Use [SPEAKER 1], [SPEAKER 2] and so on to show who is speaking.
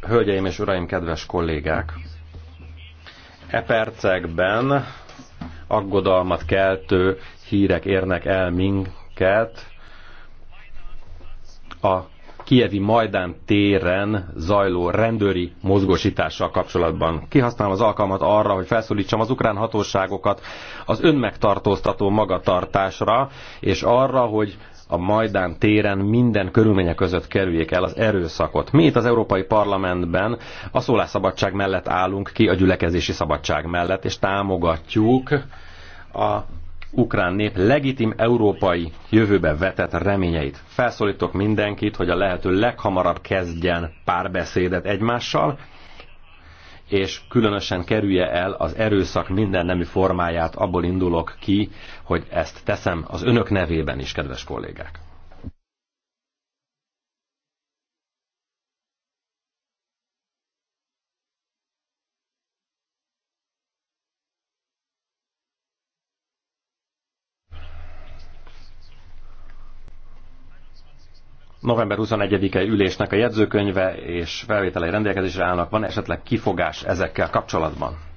[SPEAKER 1] Hölgyeim és uraim, kedves kollégák! E percekben aggodalmat keltő hírek érnek el minket a Kievi Majdán téren zajló rendőri mozgósítással kapcsolatban. Kihasználom az alkalmat arra, hogy felszólítsam az ukrán hatóságokat az önmegtartóztató magatartásra, és arra, hogy a Majdán téren minden körülmények között kerüljék el az erőszakot. Mi itt az Európai Parlamentben a szólásszabadság mellett állunk ki, a gyülekezési szabadság mellett, és támogatjuk a ukrán nép legitim európai jövőbe vetett reményeit. Felszólítok mindenkit, hogy a lehető leghamarabb kezdjen párbeszédet egymással, és különösen kerülje el az erőszak minden nemű formáját, abból indulok ki, hogy ezt teszem az önök nevében is, kedves kollégák. november 21-e ülésnek a jegyzőkönyve és felvételei rendelkezésre állnak. Van esetleg kifogás ezekkel kapcsolatban?